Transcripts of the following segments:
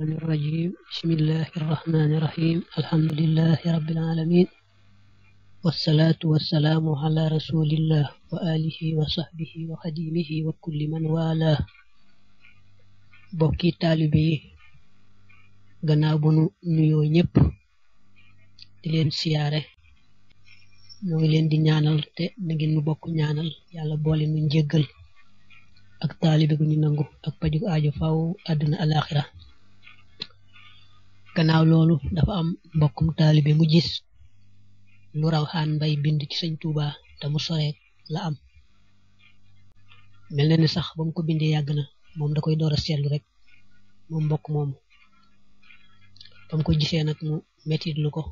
الرجيم بسم الله الرحمن الرحيم الحمد لله رب العالمين والصلاة والسلام على رسول الله وآله وصحبه وخديمه وكل من والاه بوكي طالبي غنابونو نيو نيب دلين سياره نوي لين دي نيانال تي نغي نو بوك نيانال يالا بولي نو نجيغل اك طالبي كو ني نانغو اك باجو اديو فاو ادنا الاخره gannaaw loolu dafa am mbokkum taalibe mu gis mu raw xaan mbay bind ci sañ Tuuba te mu soreek la am mel na ni sax ba ko bindee yàgg na moom da koy door a seetlu rek moom mbokk moomu ba mu ko gisee mu mettit lu ko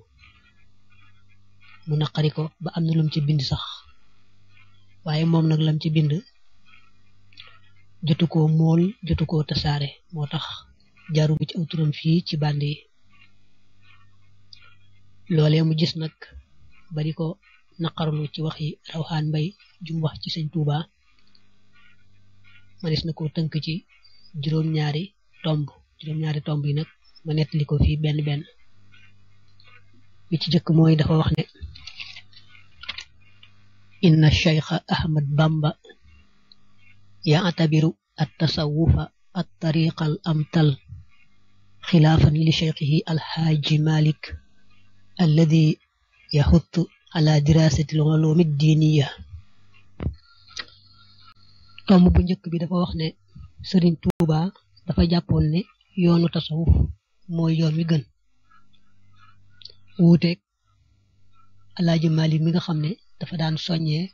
mu naqari ko ba am na lum ci bind sax waaye moom nag lam ci bind jotu koo mool jotu koo tasaare moo tax jaaru ci aw fii ci bànd yi lolé mu gis nak bari ko naqarlu ci waxi rawhan bay jum wax ci seigne touba manis nako teunk ci juroom ñaari tomb juroom ñaari tomb yi nak ma netali fi ben ben bi ci jëk moy dafa wax ne inna shaykha ahmad bamba al-amtal khilafan li shaykhihi al الحاج Malik. alladi yaxut ala dirasati ulumi diiniya tomb bu njëkk bi dafa wax ne Sëriñ dafa jàppoon ne yoonu tasawuf mooy yoon wi gën wuuteeg alaaji Maalik mi nga xam ne dafa daan soññee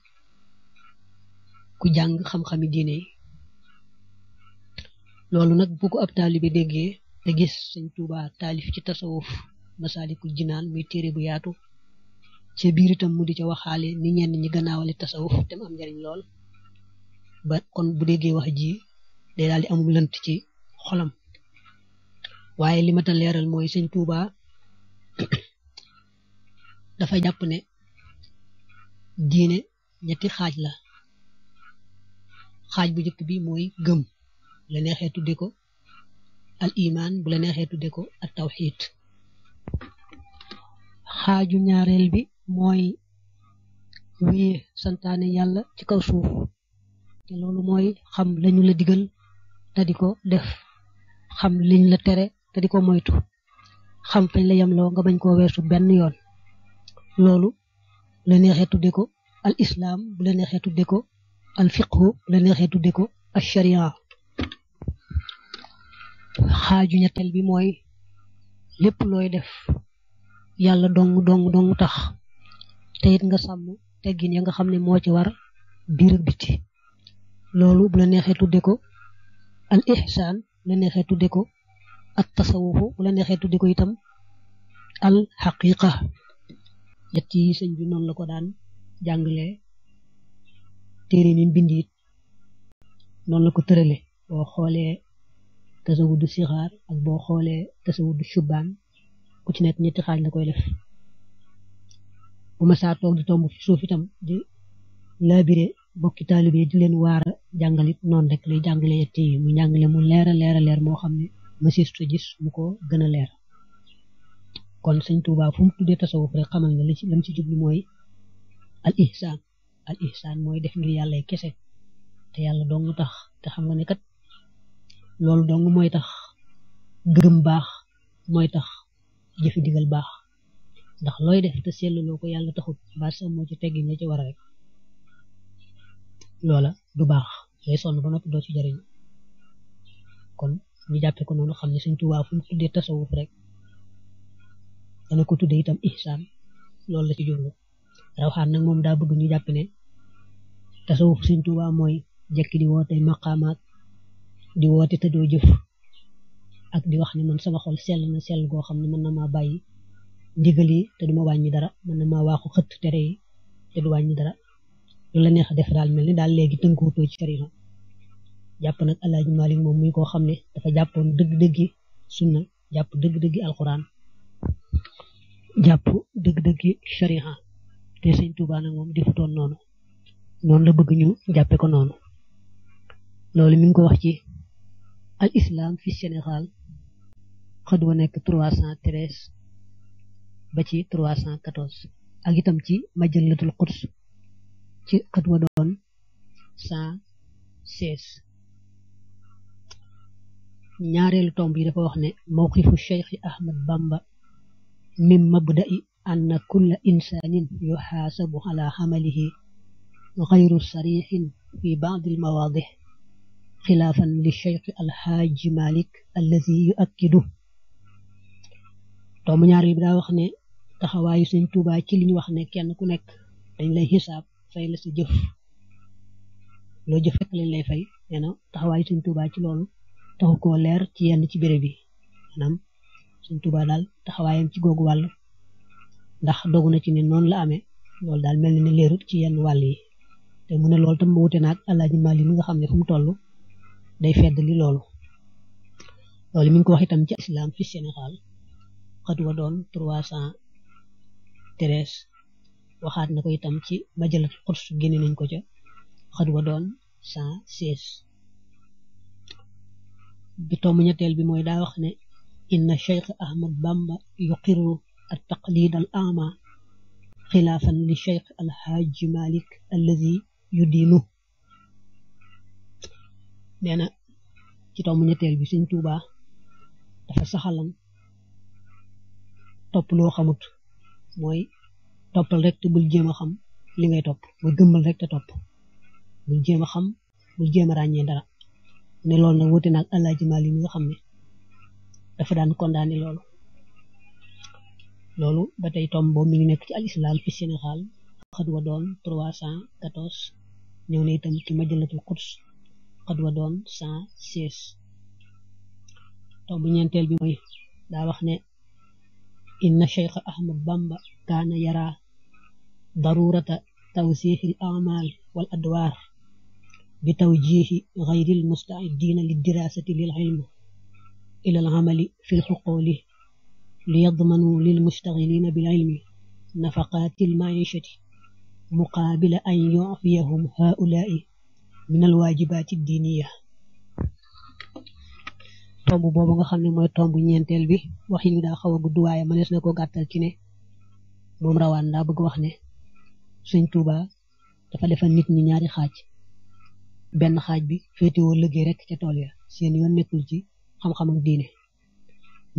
ku jàng xam-xami diine yi loolu nag bu ko ab taalibe déggee te gis Sëriñ Tuuba taalif ci tasawuf masaliku jinan muy téré bu yaatu ci biir itam mu di ci waxale ni ñen ñi gënaawale tasawuf te am njariñ lool ba kon bu déggé wax ji day daal di amum lënt ci xolam waaye li ma ta leeral mooy sëñ Tuuba dafa jàpp ne diine ñetti xaaj la xaaj bu njëkk bi mooy gëm la neexee ko al iman bu la neexee tudde ko at xaaju ñaareel bi mooy wéye santaane yàlla ci kaw souf te loolu mooy xam lañu la digal te di ko def xam liñ la tere te ko moytu xam fañ la yemloo nga bañ koo weesu benn yoon loolu bu la neexee tudde ko al islam bu la neexee al fiqhu bu la neexee tudde al sharia xaaju ñetteel bi mooy lépp looy def yàlla dong dong dong tax te it nga sàmm teggin ya nga xam ne moo ci war biir ak biti loolu bu la neexee tudde ko al ihsaan bu la neexee tudde ko at tasawufu la neexee deko ko itam al xaqiqa ñett yi sëñ bi noonu la ko daan jàngalee téere mi mbind it noonu la ko tërale tasawudu sihar ak boo xoolee tasawudu shubam ku ci nekk ñetti xaaj la koy def bu ma sa tok di tomb ci suuf itam di labiré bokki talibé di leen waara jangalit non rek lay jangalé yetti mu jangalé mu leer a leer mo leer ma ci ne masis gis mu ko gëna a kon sëñ touba fu mu tasawuf rek xamal li ci lam ci jublu moy al ihsan al ihsan moy def ngir yalla kessé te yàlla dong tax te xam nga ni kat loolu dong mooy tax gëm baax mooy tax jëfi digal baax ndax looy def te seetlu ko yàlla taxut ba sa moo ci teggi ne ci war rek loola du baax ngay sonn ba noppi doo ci jariñ kon ñu jàppe ko noonu xam ne suñ tuwaa fu mu tuddee tasawuf rek dana ko tuddee itam ihsan loolu la ci jublu rawxaan nag moom daa bëgg ñu jàpp ne tasawuf suñ tuwaa mooy jekki di woote maqaamaat di woti te do jëf ak di wax ni man sama xol sel na sel go xamni man na ma bayyi ndigal yi te duma wañi dara man na ma waxu xëtt te reey te du wañi dara lu la neex def daal mel ni daal léegi to ci sariha jàpp nag malik mom muy ko xamni dafa jappon deug deug sunna japp deug deug alquran japp deug deug sariha te touba nak mom moom ton noonu non la bëgg ñu jappé ko loolu mi ngi ko wax ci الإسلام في السنغال قد ونك 313 بشي 314 اكي تام مجلة القدس تي قد ودون 116 نياريل تومبي دا موقف الشيخ احمد بامبا من مبدا ان كل انسان يحاسب على حمله غير صريح في بعض المواضح xilaafan li cheikh alxaaji malik allazi yu akkidu doomu ñaar bi daa wax ne taxawaayu sëñ Tuubaa ci liñ wax ne kenn ku nekk dañ lay xisaab fay la si jëf loo jëf rek lañ lay fay nee na taxawaayu sëñ Tuubaa ci loolu taxu koo leer ci yenn ci béréb yi maanaam sëñ Tuubaa daal taxawaayam ci googu wàll ndax dogu na ci ne noonu la amee loolu daal mel na ne leerut ci yenn wàll yi te mu ne loolu tam mu wute naag alaaji Maalik mi nga xam ne fu mu toll day fedd li loolu loolu mi ngi ko wax itam ci islam fi Sénégal xatwa doon trois cent treize waxaat na ko itam ci majalat xuds génne nañ ko ca xatwa doon cent seize bi tomb ñetteel bi mooy daa wax ne inna cheikh ahmad bamba yuqiru at taqlid al ama xilaafan li cheikh alhaaji malik alladi yudinuhu neena ci tomb ñettel bi sëñ Touba dafa saxalam top lo xamut moy topal rek te bul jema xam li ngay top mooy gëmmal rek te top bul jema xam bul jema a dara ne lool nag wuti nak allah Maalik mi nga xamne dafa daan condamné lool lool ba tombo mi ngi nek ci al islam fi senegal xat wa doon 314 cent ne itam ci majalatul quds ان الشيخ احمد بامبا كان يرى ضروره توسيع الاعمال والادوار بتوجيه غير المستعدين للدراسه للعلم الى العمل في الحقول ليضمنوا للمشتغلين بالعلم نفقات المعيشه مقابل ان يعفيهم هؤلاء minal waajibaati ya tomb boobu nga xam ne mooy tomb ñeenteel bi waxin wi daa xaw a gudd waaye mënees na ko gàttal ci ne moom rawaan daa bëgg wax ne sëñ dafa defal nit ñi ñaari xaaj benn xaaj bi féetewoo liggéey rek ca tool ya seen yoon nekkul ci xam-xam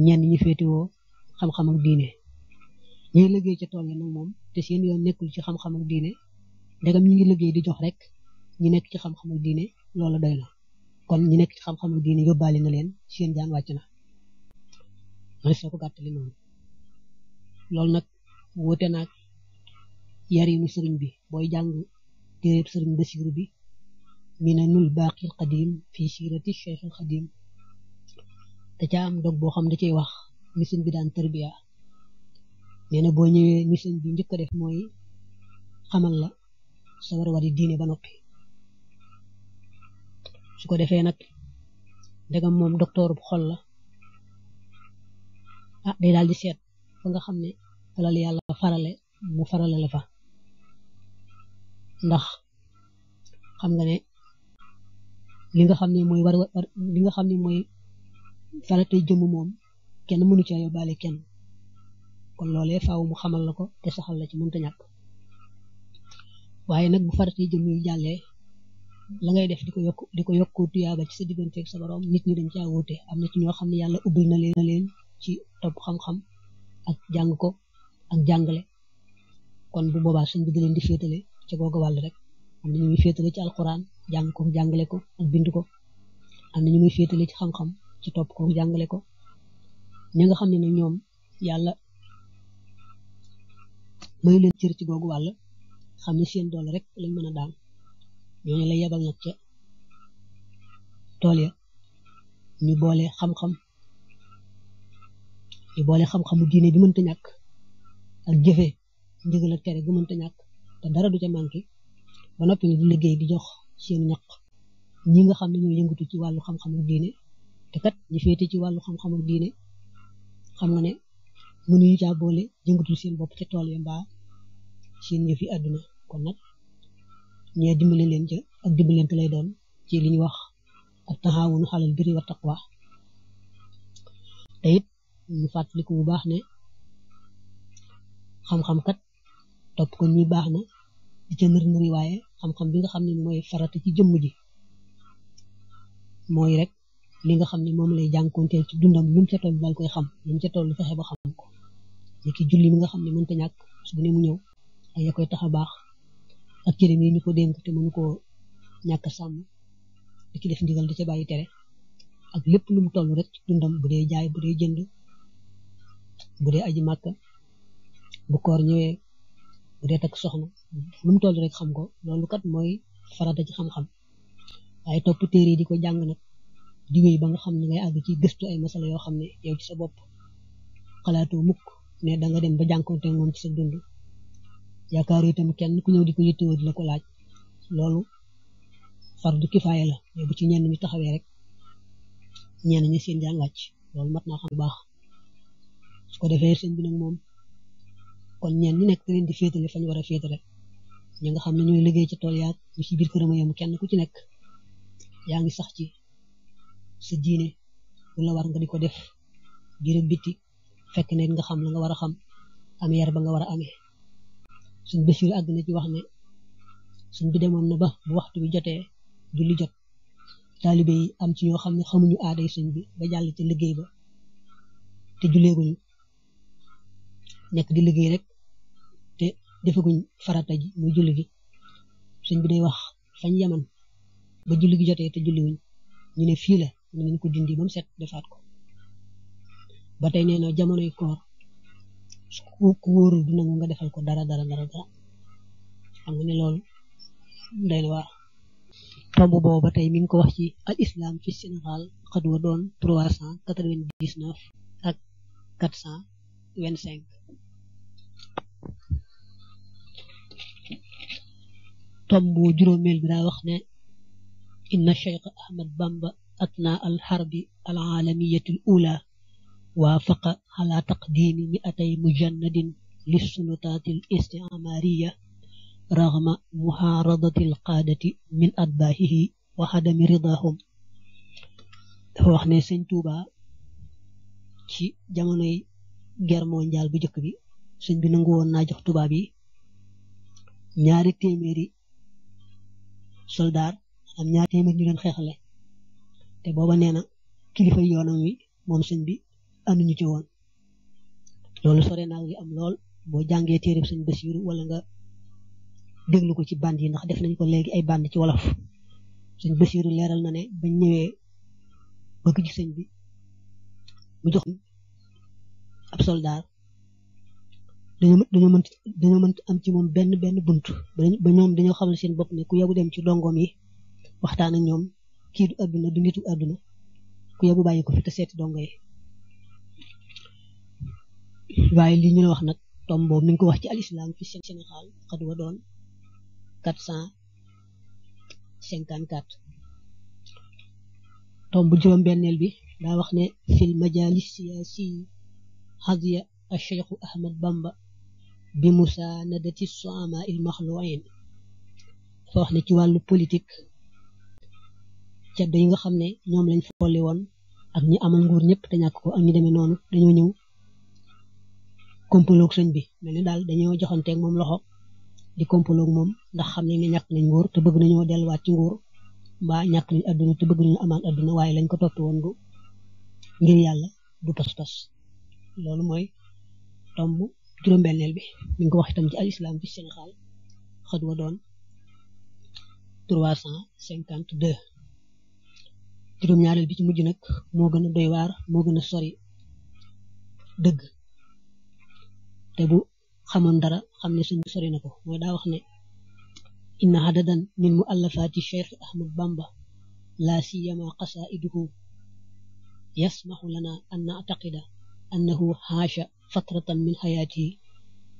ñenn ñi féetewoo xam-xam ak diine ñi liggéey ca tool ya nag moom te seen yoon nekkul ci xam-xam ak diine ndegam ñi ngi liggéey di jox rek ñi nekk ci xam-xamu diine loola doy na kon ñi nekk ci xam-xamu diine yóbbaale na leen seen jaan wàcc na mënees na ko gàttali noonu loolu nag wuute naag yarinu sëriñ bi booy jàng téeréb sëriñ Basiru bi minanul baaqil qadim fi sirati cheikhil qadim da caa am dog boo xam da cay wax ni bi daan tarbiya nee na boo ñëwee ni bi njëkk a def mooy xamal la sa war a wari ba noppi su ko defee nag ndegam moom docteur bu xol la ah day daal di seet fa nga xam ne falal yàlla farale mu farale fa ndax xam nga ne li nga xam ne mooy war war li nga xam ne mooy farate jëmm moom kenn mënu ca yóbbaale kenn kon loolee faaw mu xamal la ko te saxal la ci mënta ñàkk waaye nag bu farate jàllee la ngay def di ko yokk di ko yokku ci sa diggante ak sa borom nit ñi dañ caa wuute am na ci ñoo xam ne yàlla ubbil na leen leen ci topp xam-xam ak jàng ko ak jàngale kon bu boobaa sëñ bi di leen di féetale ci googu rek am féetale ci alquran jàng ko jàngale ko ak bind ko am na ñu muy ci xam-xam ci topp ko jàngale ko ñi nga xam ne ne ñoom yàlla may leen cër ci googu wàll xam ne seen doole rek lañ mën a daan ñooñu la yebal nag tool ya ñu boole xam-xam ñu boole xam-xamu diine bi mënta ñàkk ak jëfe ndigal ak tere gu mënta ñàkk te dara du ca manqué ba noppi ñu di liggéey di jox seen ñaq ñi nga xam ne ñoo yëngatu ci wàllu xam-xamu diine te kat ñu féete ci wàllu xam-xamu diine xam nga ne mënuñu caa boole yëngatu seen bopp ca tool ya mbaa seen yëfi àdduna kon nag ñee dimbale leen ca ak dimbalante lay doon ci li ñu wax ak taxawunu xalal biri wa tak te it ñu fàttaliku bu baax ne xam-xam kat topp ko nii baax na di ca nër nëri waaye xam-xam bi nga xam ne mooy farata ci jëmm ji mooy rek li nga xam ni moom lay jànkuwanteel ci dundam lu mu ca toll daal koy xam lu mu ca toll fexe ba xam ko ni ki julli mi nga xam ne mënta ñàkk su bu ne mu koy tax a baax ak jërim yi ñu ko dénk te mënu koo ñàkk sàmm di ci def ndigal di ca bàyyi tere ak lépp lu mu toll rek dundam bu dee jaay bu dee jënd bu dee aji màkk bu koor ñëwee bu dee takk soxna lu mu toll rek xam ko loolu kat mooy farata ci xam-xam waaye topp téere di ko jàng nag di wéy ba nga xam ne ngay àgg ci gëstu ay masala yoo xam ne yow ci sa bopp xalaatoo mukk ne da nga dem ba jànkoonte moom ci sa dund yakaru itam kenn ku ñëw di ko yittewoo di la ko laaj loolu fardu kifaaya la mais bu ci ñenn mi taxawee rek ñenn ñi seen jàng wàcc loolu mat naa xam bu baax su ko defee seen bi nag moom kon ñenn ñi nekk leen di féetale fañ war a féetale ñi nga xam ne ñooy liggéey ci tool yaag ñu ci biir yam kenn ku ci nekk yaa ngi sax ci sa diine lu la war nga di def biir bitti fekk ne nga xam la nga war a xam am yar ba nga war a suñ Basiiru àgg na ci wax ne suñ bi demoon na ba bu waxtu bi jotee julli jot taalibe yi am ci ñoo xam ne xamuñu aaday suñ bi ba jàll ci liggéey ba te julleeguñu nekk di liggéey rek te defaguñ farata ji muy julli gi suñ bi day wax fañ yaman ba julli gi jotee te ne fii nañ ko dindi ba mu set defaat ko ba tey nee na ku wóorul nangu nga defal ko dara dara dara dara xam ne loolu tomb boobu ba tey ko wax ci al islam fi Sénégal xadwa doon trois cent quatre vingt ak quatre cent vingt-cinq tomb bi daa wax ne inna cheikh ahmad bamba atna al harbi al alamiyati al ula وافق على تقديم مئتي مجند للسلطات الاستعمارية رغم محارضة القادة من أتباعه وعدم رضاهم dafa wax ne sëñ Touba ci jamonoy guerre mondiale bu jëkk bi sëñ bi nangu woon naa jox tubaab yi ñaari téeméeri soldaar am ñaari ñu leen kilifa wi bi ànduñu ci woon loolu sore naag li am lool boo jàngee téereb sëñ Basiiru wala nga déglu ko ci band yi ndax def nañ ko léegi ay band ci wolof sëñ Basiiru leeral na ne bañ ñëwee bëgg ci sëñ bi mu jox ab soldaar dañoo dañoo mën mën am ci moom benn benn bunt ba ñoom dañoo xamal seen bopp ne ku dem ci dongoom yi waxtaan ak ñoom kii du àdduna du nitu àdduna ku yebu bàyyi ko fi te seeti yi waye li ñu wax nak tom boobu mi ngi wax ci al islam fi senegal xad wa doon 454 tomb juróom bennel bi da wax ne fil majalis siyasi hadiya bi musanadati suama al الصعماء المخلوعين wax ne ci walu politique ci day nga xamne ñom lañ folé won ak ñi amal nguur ñep te ñak ko ak ñi démé nonu dañu ñew kompaloog sëñ bi mel ni daal dañoo joxanteeg moom loxo di kompaloog moom ndax xam nañ ne ñàkk nañ nguur te bëgg nañoo delluwaat ci nguur mbaa ñàkk nañ adduna te bëgg nañu amaat adduna waaye lañ ko topp woon du ngir yàlla du pas-pas loolu mooy tomb juróom-benneel bi mi ko wax itam ci al islam fi Sénégal xët wa doon trois cent cinquante deux juróom-ñaareel bi ci mujj nag moo gën a doy waar moo gën a sori dëgg te bu xamoon dara xam ne sëñ bi sori na ko mooy daa wax ne inna hadadan min mu allafaati cheikh ahmad bamba la siyama qasaiduhu yasmahu lana an naataqida annahu haasha fatratan min hayatihi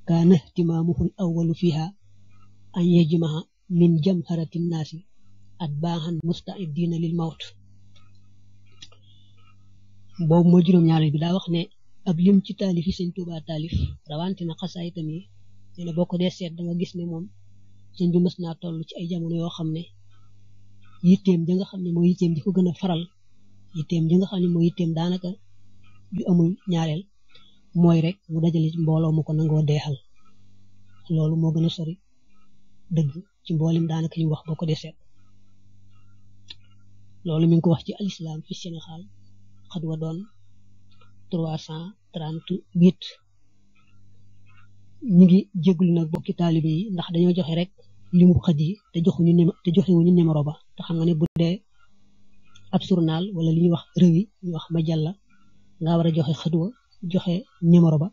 kaana ihtimaamuhu al awalu fiha an yajmaha min jamharati nnaasi atbaahan mustaidiina lil mawt boobu moo juróom-ñaareel bi daa wax ne ab lim ci taalif yi sëñ Tuubaa taalif rawantina xasaayitam yi nee na boo ko da nga gis ne moom sëñ bi mës naa toll ci ay jamono yoo xam ne yitteem ja nga xam ne mooy yitteem di ko gën a faral yitteem ja nga xam ne mooy yitteem daanaka ju amul ñaareel mooy rek mu dajale mbooloo mu ko nangoo deexal loolu moo gën a sori dëgg ci mboolim daanaka ñu wax boo ko dee seet loolu mi ngi ko wax ci al islam fi Sénégal xat wa doon 338 ñi ngi jéggul nak bokki talibé yi ndax dañoo joxe rek limu xaj yi te joxuñu te joxewuñu numéro ba te xam nga ne bu dee ab journal wala li ñuy wax rewi ñu wax ma jàlla nga war a joxe xadwa joxe numéro ba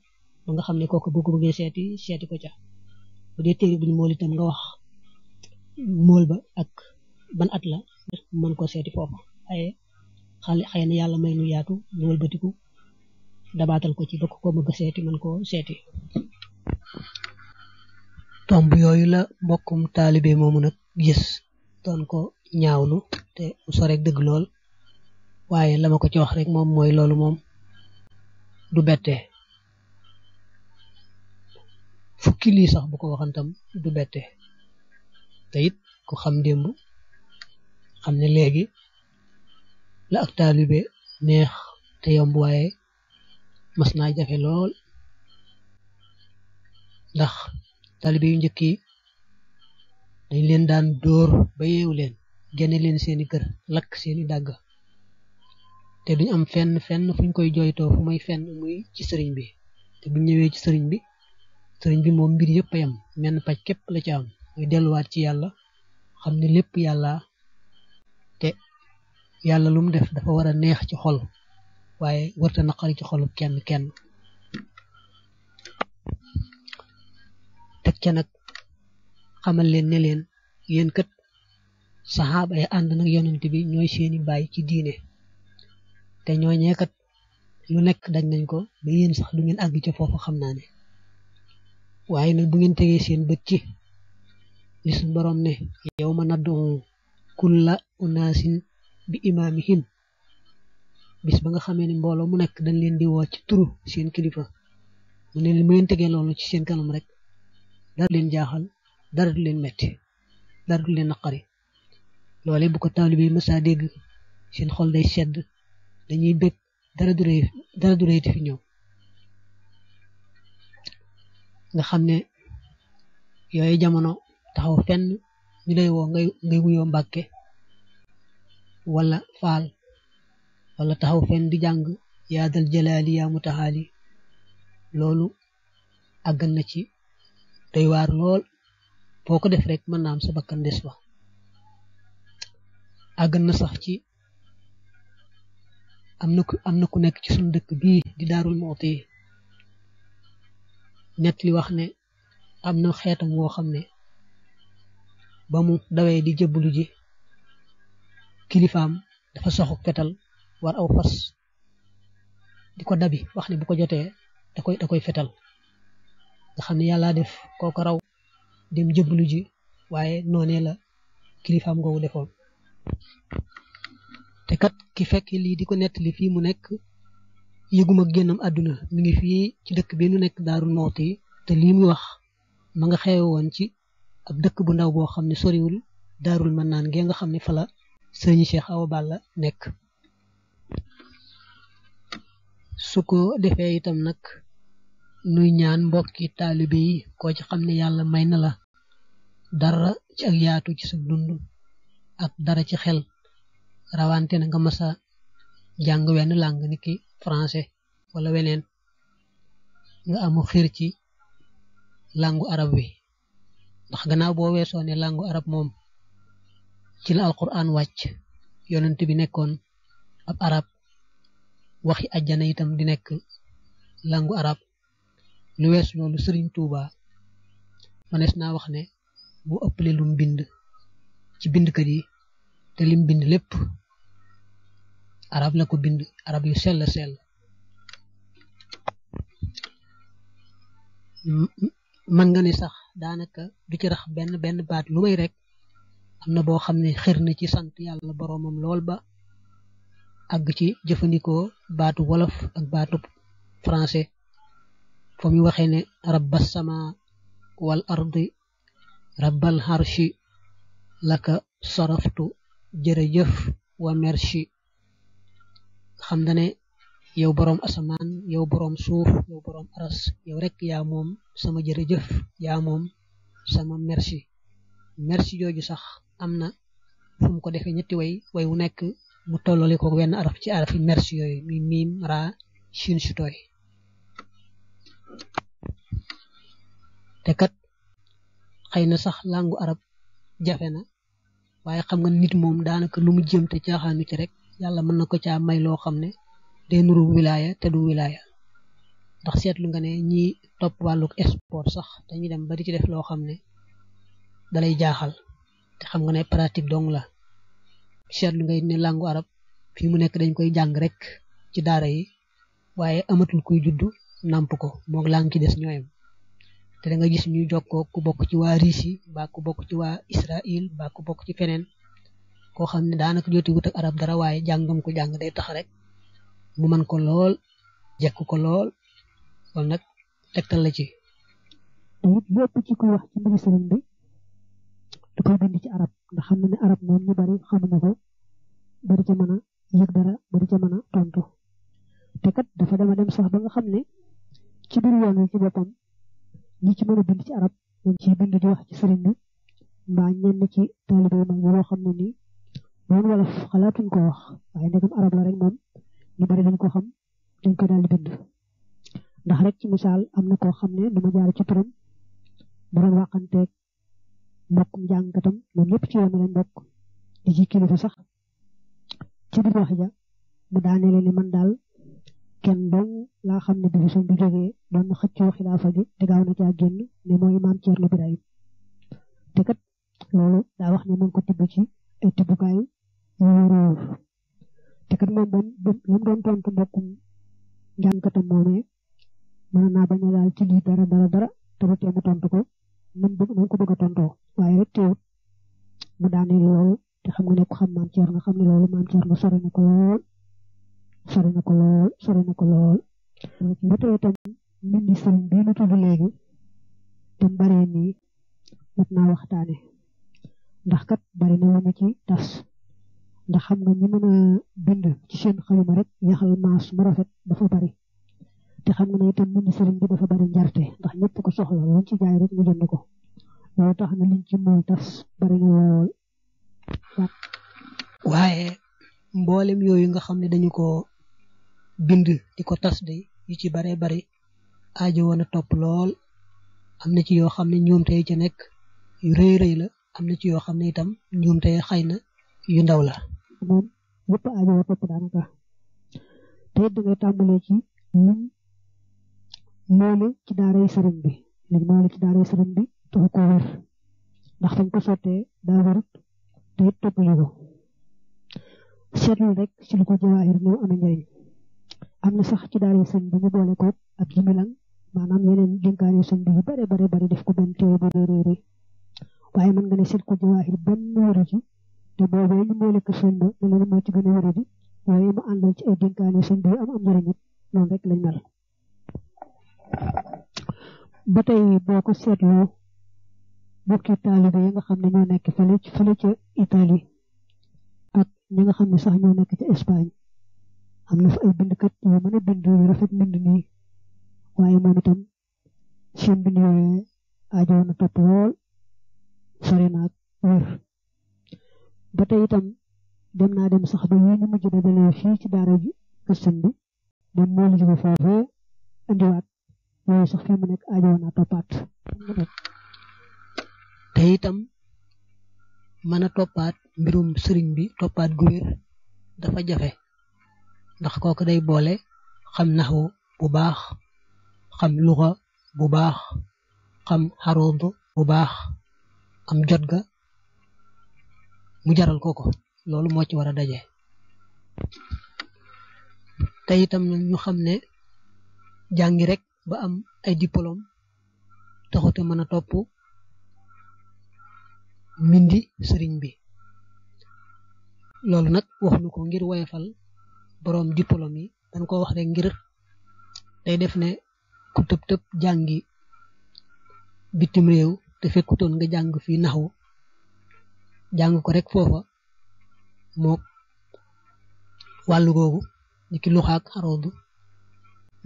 ba nga xam ne kooku boo ko bëggee seeti seeti ko ca bu dee téere bu ñu mool itam nga wax mool ba ak ban at la mën ko seeti foofu waaye xale xëy na yàlla may nu yaatu ñu wëlbatiku batal ko ci bako ko bëgg séti man ko séti tomb yooyu la mbokkum taalibe moomu nag gis doon ko ñaawlu te mu sorek dëgg lool waaye lama ko ci wax rek moom mooy loolu moom du bette fukki lii sax bu ko waxantam du bette te it ku xam démb xam ne la ak taalibe neex te yomb waaye mas naa jafe lool ndax taalibe yu njëkk yi dañ leen daan dóor ba yeewu leen génne leen seeni kër lakk seeni dàgg te duñ am fenn fenn fuñ koy jooytoo fu may ci sëriñ bi ñëwee ci sëriñ bi sëriñ bi moom mbir yëpp a yam menn paj képp la ci am muy delluwaat ci yàlla xam ne lépp yàlla te yàlla lu mu def dafa war a neex ci xol waaye warta naqari ci xolub kenn kenn teg ca nag xamal leen ne leen yéen kat saxaaba yi ànd nag yonent bi ñooy seeni bàyyi ci diine te ñooñee kat lu nekk dañ nañ ko ba yéen sax du ngeen àgg ci foofu xam naa ne waaye nag bu ngeen tegee seen bët ci li suñ boroom ne yow ma naddu kulla unaasin bi bis ba nga xamee ne mbooloo mu nekk dañ leen di woo ci turu seen kilifa mu ne leen mu ngeen tegee loolu ci seen kanam rek dara du leen jaaxal dara du leen metti dara du leen naqari loole bu ko taalibe bi mësaa dégg seen xol day sedd dañuy bég dara du rëy dara du rëy fi ñëw nga xam ne yooyu jamono taxaw fenn ñu lay woo ngay ngay wuyoo mbàkke wala faal wala taxaw fenn di jàng yaa dal jalaali yaa mutaxaali loolu àggan na ci doy waar lool boo ko def rek mën naa am sa bakkan des fa na sax ci am na ku am na ku nekk ci suñu dëkk bii di daarul mooti net li wax ne am na xeetam woo xam ne ba mu dawee di jëbbalu ji kilifaam dafa soxuk fetal war aw fas di ko dabi wax ne bu ko jotee da koy da fetal nga xam ne yàllaa def kooku raw dem jëblu ji waaye noonee la kilifaam googu defoon te kat ki fekk lii di ko nettali fii mu nekk yëguma génnam àdduna mi ngi fii ci dëkk bi nu nekk daaru nooti te lii wax ma nga xewe woon ci ab dëkk bu ndaw boo xam ne soriwul daarul mën naan gee nga xam ne fa la sëriñ Cheikh Awa Balla nekk Suku defé itam nak nuy ñaan mbokki talibi ko ci xam yalla yàlla may na la dara ci ak yaatu ci sa dund ak dara ci xel rawante na nga massa jang wenn lang niki français wala wenen nga amu xir ci langu arab wi ndax gannaaw bo weesoo ne langu arab mom ci alquran wacc yonent bi nekkon ab arab waxi aljana itam di nek langu arab lu wees loolu manesna tuuba manes na wax ne bu ëppale lu bind ci bindkat yi te lim bind lepp arab la ko bind arab yu sel sel man nga ni sax danaka du ci rax ben ben baat lu may rek amna bo xirna ci sante yalla boromam lol ba àgg ci jëfëndiko baatu wolof ak baatu français fa mu waxee ne sama wal ardi rabbal harshi laka saraftu jëf wa merci xam na asaman yow borom asaman yow borom suuf yow borom aras yow rek ya mom sama jëf ya mom sama merci merci joju sax amna fum ko defé ñetti way way wu mu tollale ko wenn araf ci arafi merci yooyu mi mim ra shin su te kat xeyna sax langu arab jafe na waaye xam nga nit moom daanaka lu mu jëm te caaxaanu ci rek yàlla mën na ko caa may loo xam ne day nuru wilaya te du wilaya ndax seetlu nga ne ñi topp wàlluk export sax dañuy dem ba di ci def loo xam ne dalay jaaxal te xam nga ne pratique dong la lu ngay ne langue arab fi mu nek dañ koy jang rek ci daara yi waye amatul kuy judd namp ko moog lang ci dess ñoyam te da nga gis ñuy jokkoo ku bok ci wa risi ba ku bok ci wa israel ba ku bok ci fenen ko xam da naka joti wut ak arab dara waye jangam ko jang day tax rek mu man ko lol jekk ko lol kon nak tegtal la ci nit bépp ci ko wax ci mbiri serigne bi da bind ci arab ndax xam na ne arab moom ñu bari xam ko bari ca mën a yëg dara bari ca mën a tontu te kat dafa dama dem sax ba nga xam ne ci biir yoon wi ci boppam ñi ci mën a bind ci arab ñoom ci bind di wax ci sëriñ bi mbaa ñenn ci taalibe yi mag yi loo xam ne nii noonu wala xalaatuñ ko wax waaye ndegam arab la rek moom ñu bari dañ ko xam dañ ko daal di bind ndax rek ci misaal am na koo xam ne dama jaar ci turam bu waxanteeg mbokkum jàngkatam moom lépp ci yoon lañ bokk di ci kilifa sax ci biir wax ja mu daaneele ni man daal kenn dong laa xam ne bi sum bi jógee doon na xëccoo xilaafa gi te ne mooy maam Thierno Birahim te kat loolu daa wax ne mën ko tibb ci ay tibbukaay yu wóor te kat moom doon lu mu doon tontu mbokkum a daal ci dara dara te ba mu tontu ko man bëgg man ko bëgg a tontoo waaye rek teewut mu daane loolu te xam nga ne ko xam maam ceer nga xam ne loolu maam ceer nga sore na ko lool sore na ko lool sore na ko lool ba tey itam mbindi sëriñ bii nu tudd léegi te mbaree nii mat naa waxtaane ndax kat bari na woon ci tas ndax xam nga ñi mën a bind ci seen xalima rek yaxal maas mu rafet dafa bari te xam nga ne itam mbind sëriñ bi dafa bari njarte ndax ñëpp ko soxla luñ ci jaay rek mu tax na tas waaye mboolem yooyu nga xam ne dañu ko bind di ko tas di yu ci baree bari aajo woon a topp lool am na ci yoo xam ne ñoom tey nekk yu rëy rëy la am na ci yoo xam ne itam ñoom tey xëy na yu ndaw la. moom yëpp aajo woon topp daanaka te loolu ci daaray sëriñ bi léegi loolu ci daaray sëriñ bi taxu ko wér ndax fañ ko sottee daa wérut te it topp ñu ko seetlu rek ci na sax ci daaray sëriñ bi ñu boole ko ak yi milan maanaam yeneen bi yu bare bare def ko benn téere bu réy réy nga ne seet ko jawaahir benn wéru ci te boobee ñu boole ko bi loolu moo ci gën a wéru ji waaye ci ay dénkaane sëriñ bi am am njëriñ it rek lañ mel ba tey boo ko seetloo bokki taalibe yi nga xam ne ñoo nekk fële fële ca Italie ak ñi xam ne sax ñoo nekk ca Espagne am na fa ay bind yu mbind nii waaye moom itam seen bind yooyu aajowoon na topp lool sori ak wér ba tey itam dem naa dem sax ba yii ñu mujj dajalee fii ci daara ji këstan bi dem moo lu jóge foofee indiwaat waaye sax kenn nekk aajoo naa toppaat te itam mën a toppaat mbirum sëriñ bi toppaat gu wér dafa jafe ndax kooku day boole xam naxu bu baax xam luxa bu baax xam xarood bu baax am jot ga mu jaral ko ko loolu moo ci war a daje te itam ñu xam ne jàngi rek ba am ay diplôme taxute mën a topp mbindi sëriñ bi loolu nag waxuñu ko ngir woyofal boroom diplôme yi dañ ko wax rek ngir day def ne ku tëb tëb jàngi bitim réew te fekkutoon nga jàng fii naxwu jàng ko rek foofa mook wàllu googu ni ki luxaak xaroodu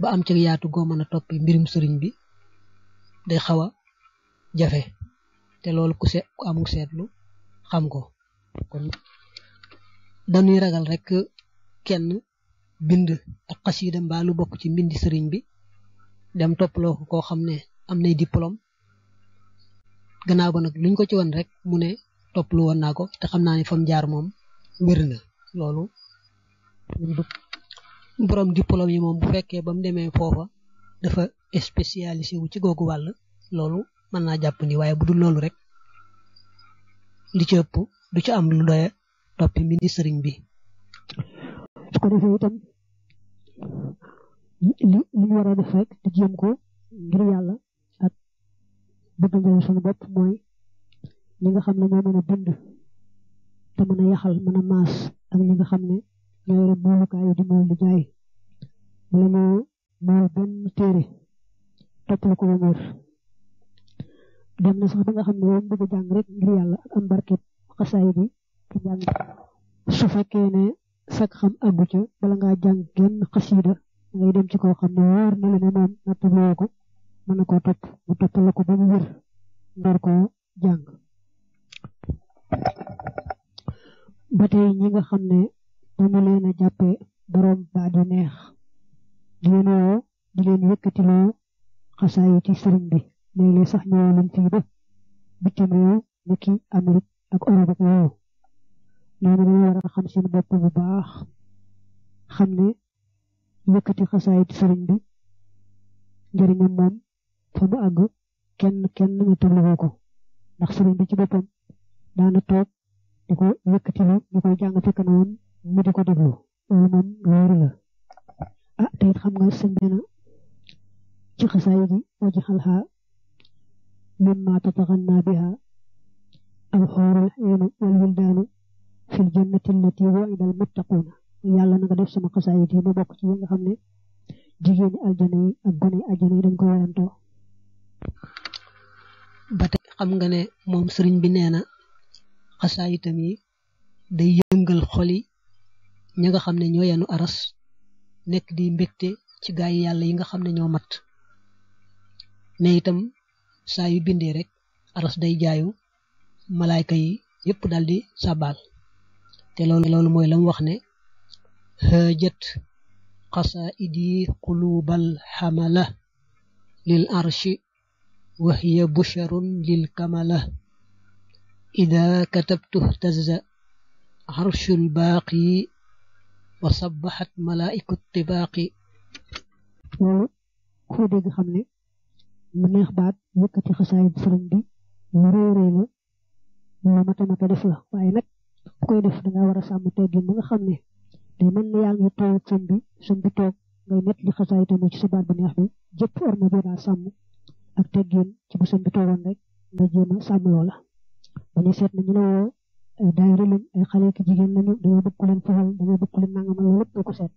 ba am ci yaatu go meuna topi mbirum serign bi day xawa jafé té lolou ku sé ku amul sétlu xam ko kon dañuy ragal rek kenn bind ak qasida mbaa lu bokk ci mbindi serign bi dem lo ko xamné amne am nay diplôme gannaaw ba nak luñ ko ci won rek mu top lu won nako té xamna ni fam jaar mom lolou borom diplôme yi moom bu fekkee ba mu demee foofa dafa spécialisé wu ci googu wàll loolu mën naa jàpp ni waaye bu dul loolu rek li ci ëpp du ci am lu doye toppi mini sëriñ bi su ko defee itam li li war a def rek di jéem ko ngir yàlla ak bëgg njëriñ suñu bopp mooy ñi nga xam ne ñoo mën a bind te mën a yaxal mën a maas ak ñi nga xam ne ñaari boolukaayu di mool di jaay wala ñoo mool ben téré top lu ko ba muur dem na sax ba nga xam ne moom bëgg jang rek ngir yalla ak am barke xasaay bi ka jang su fekkee né sag xam àggu ci bala nga jang genn xasiida ngay dem ci ko xam ne wóor na la mom ne moom nattabloo ko mën na koo topp mu topp la ko ba mu wér ndor koo jàng ba ñi nga xam mën leen a jàppe borom baadu neex di leen woo di leen yëkkatiloo xasaayu ci sëriñ bi léeg-léeg sax ñëwoo nañ fii ba bitim réew niki amérique ak europe ak yooyu noonu dañu war a xam seen bopp bu baax xam ne yëkkati xasaayu ci sëriñ bi njëriñam moom fa mu àgg kenn kenn ñu tëbluwoo ko ndax sëriñ bi ci boppam daana toog di ko yëkkatiloo ñu koy jàng mu di ko déglu loolu moom ah, te it xam nga sëñ bi na ci xasaay gi waji xalxaa min ma tataxanna biha al xoorul aynu wal wildaanu fil jannati allati wa'ida al muttaquuna yàlla na nga def sama xasaay yi mu bokk ci yi xam ne jigéeni aljana yi ak gone yi aljana yi dañ xam nga ne moom sëriñ bi nee na xasaayitam yi day yëngal ña nga xam ne yanu aras nekk di mbégte ci gaay yàlla yi nga xam ne mat ne itam saa yu bindee rek aras day jaayu malaayka yi yépp daal di sàbbaal te loolu loolu mooy lam wax ne hëjët qasaidi qulubal hamala lil arshi wa hiya busharun lil kamala ida katabtu tazza arshul baqi wa sabbahat malaikut tibaqi lolu ko deg xamne mu neex baat yëkëti xasaay bu sëriñ bi mu réeré la mu mata mata def la waaye nag bu koy def da nga war a sàmm teggin ba nga xam ne day mën na yaa ngi toog sëñ bi sëñ bi toog ngay nett li xasaay tamu ci sa baat bu neex bi jëpp war na jëra sàmm ak teggin ci bu sëñ bi toogoon rek ay daayira lañ ay eh, xale ki jigéen lañu dañoo bëgg leen fexal dañoo bëgg leen nangam loolu lépp ko seet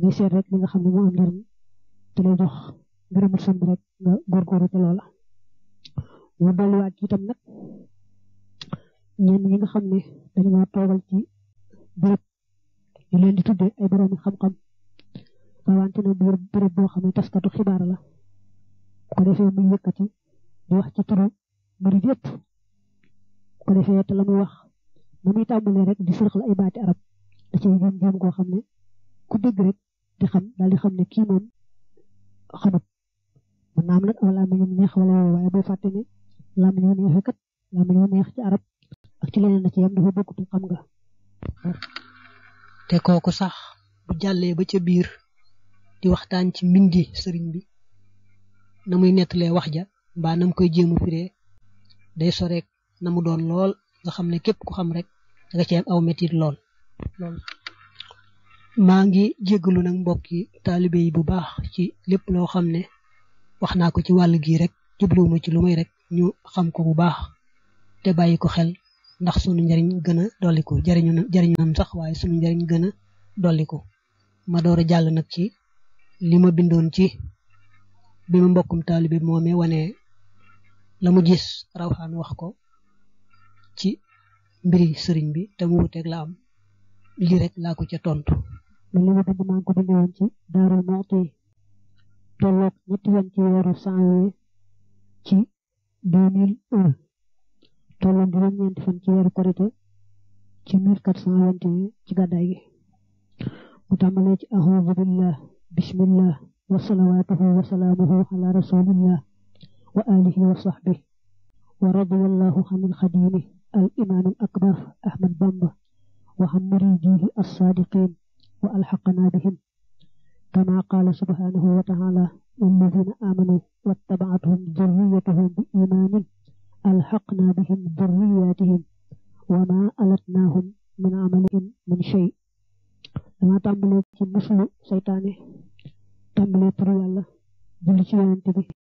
ngay seet rek li nga xam ne moo am njëriñ te lay jox garamu sand rek nga góorgóorlu te loola mu dolliwaat ci itam nag ñenn ñi nga xam ne dañoo toogal ci béréb ñu leen di tuddee ay boroomi xam-xam rawante na biir béréb boo xam taskatu xibaar la ko defee muy yëkkati di wax ci turu mbir yëpp ko defee te la wax mu muy tàmbalee rek di sarxal ay baati arab da cay juum juum koo xam ne ku dégg rek di xam daal di xam ne kii moom xamut mën naa am nag aw laa ñoom neex wala waaye boo fàtte ne laa ma ñoo neexee kat laa ma ñoo neex ci arab ak ci leneen na ci yam dafa bokkutu xam nga. te kooku sax bu jàllee ba ca biir di waxtaan ci mindi sëriñ bi na muy nettalee wax ja mbaa nam koy jéemu firee day soreek na mu doon lool nga xam ne képp ku xam rek danga ci am aw metit lool maa ngi jéggalu nag mbokki taalibe yi bu baax ci lépp loo xam ne wax naa ko ci wàll gii rek jubluwuma ci lu may rek ñu xam ko bu baax te bàyyi ko xel ndax sunu njariñ gën a dolliku jariñu jariñu sax waaye sunu njariñ gën a dolliku ma door a jàll nag ci li ma bindoon ci bi ma mbokkum taalibe moomee wane la mu gis rawxaan wax ko ci mbiri sëriñ bi te mu wuteeg la am li rek la ko ci tontu mu ñu bind maa ko dëgg won ci daaru moxti tolok ñetti fan ci weeru sanwier ci 2001 tolloon juróom ñeenti fan ci weeru korité ci 1421 ci gaday gi mu tàmbalee ci ahoudu billah bismillah wa salawatuhu wa salamuhu ala rasulillah wa alihi wa sahbihi wa radiyallahu anil khadimi أو الأكبر أحمد بامبا وهم مريديه الصادقين وألحقنا بهم كما قال سبحانه وتعالى الذين آمنوا واتبعتهم ذريتهم بإيمان ألحقنا بهم ذرياتهم وما ألتناهم من عملهم من شيء dama تعملوا في muslu سيطاني تعملوا turu yàlla julli ci